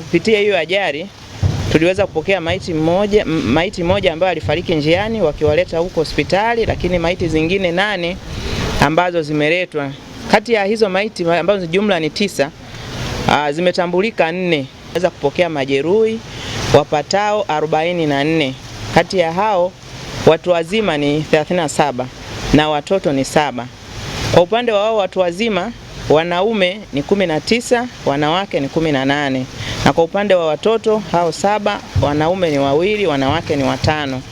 kupitia hiyo ajali tuliweza kupokea maiti moja, maiti moja ambayo alifariki njiani wakiwaleta huko hospitali, lakini maiti zingine nane ambazo zimeletwa. Kati ya hizo maiti ambazo jumla ni tisa, aa, ah, zimetambulika nne. Weza kupokea majeruhi wapatao 44. Kati ya hao watu wazima ni 37 na watoto ni saba. Kwa upande wa wao watu wazima, wanaume ni 19, wanawake ni 18. Na kwa upande wa watoto hao saba, wanaume ni wawili, wanawake ni watano.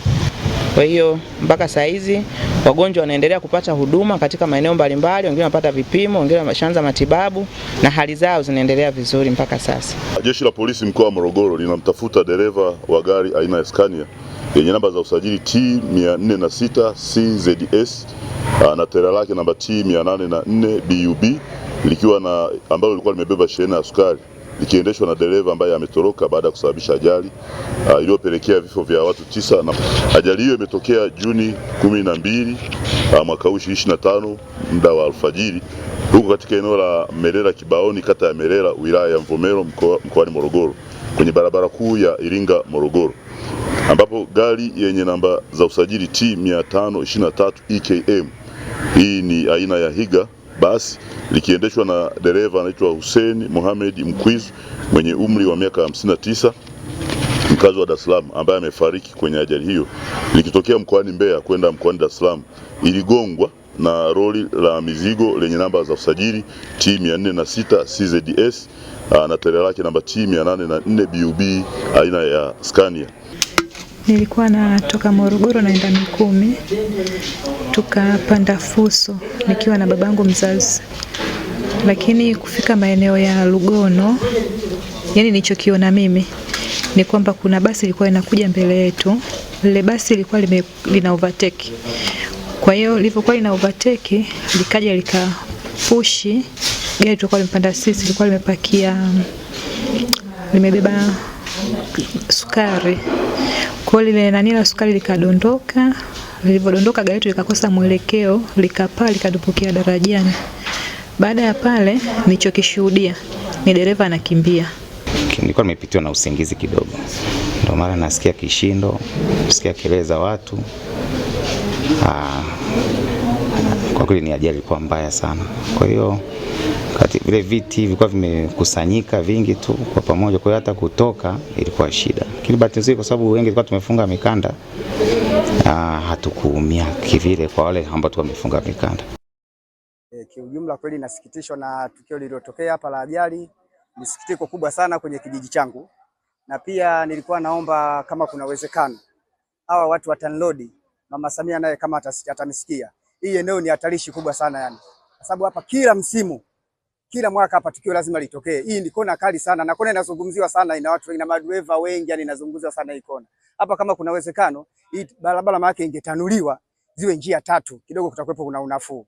Kwa hiyo mpaka saa hizi wagonjwa wanaendelea kupata huduma katika maeneo mbalimbali, wengine wanapata vipimo, wengine wameshaanza matibabu na hali zao zinaendelea vizuri mpaka sasa. Jeshi la Polisi mkoa wa Morogoro linamtafuta dereva wa gari aina ya Scania yenye namba za usajili T 406 CZS na ah, tera lake namba T 804 BUB likiwa na ambalo lilikuwa limebeba shehena ya sukari ikiendeshwa na dereva ambaye ametoroka baada ya kusababisha ajali uh, iliyopelekea vifo vya watu tisa na ajali hiyo imetokea Juni kumi na mbili uh, mwaka huu ishirini na tano muda wa alfajiri huko katika eneo la Merera Kibaoni, kata ya Merera, wilaya ya Mvomero, mkoani Morogoro, kwenye barabara kuu ya Iringa Morogoro, ambapo gari yenye namba za usajili T 523 EKM, hii ni aina ya Higa basi likiendeshwa na dereva anaitwa Hussein Mohamed Mkwizu mwenye umri wa miaka 59 mkazi wa Dar es Salaam ambaye amefariki kwenye ajali hiyo likitokea mkoani Mbeya kwenda mkoani Dar es Salaam, iligongwa na roli la mizigo lenye namba za usajili T 406 CZS ah, na tarehe lake namba T 804 BUB aina ya Scania. Nilikuwa natoka Morogoro naenda Mikumi, tukapanda Fuso nikiwa na babangu mzazi, lakini kufika maeneo ya Lugono, yani nilichokiona mimi ni kwamba kuna basi ilikuwa inakuja mbele yetu. Lile basi ilikuwa lina overtake, kwa hiyo lilivyokuwa lina overtake likaja likapushi gari tulikuwa limepanda sisi, lilikuwa limepakia limebeba sukari kwa lile nani la sukari likadondoka, lilivyodondoka gari letu likakosa mwelekeo, likapaa likadupukia darajani. Baada ya pale nilichokishuhudia ni dereva anakimbia. Nilikuwa nimepitiwa na usingizi kidogo, ndio maana nasikia kishindo, nasikia kelele za watu. Aa, ah, kwa kweli ni ajali ilikuwa mbaya sana, kwa hiyo kati vile viti vilikuwa vimekusanyika vingi tu kwa pamoja, kwa hiyo hata kutoka ilikuwa shida, lakini bahati nzuri kwa sababu wengi tulikuwa tumefunga mikanda ah, hatukuumia kivile kwa wale ambao tu wamefunga mikanda. E, kiujumla kweli nasikitishwa na tukio lililotokea hapa la ajali, ni sikitiko kubwa sana kwenye kijiji changu, na pia nilikuwa naomba kama kuna uwezekano hawa watu wa TANROADS, Mama Samia naye kama atanisikia, hii eneo ni hatarishi kubwa sana yani, kwa sababu hapa kila msimu kila mwaka hapa tukio lazima litokee. Hii ni kona kali sana na kona inazungumziwa sana, ina watu na madriver wengi, yani inazungumziwa sana hii kona hapa. Kama kuna uwezekano hii barabara maake yake ingetanuliwa ziwe njia tatu, kidogo kutakuwepo kuna unafuu.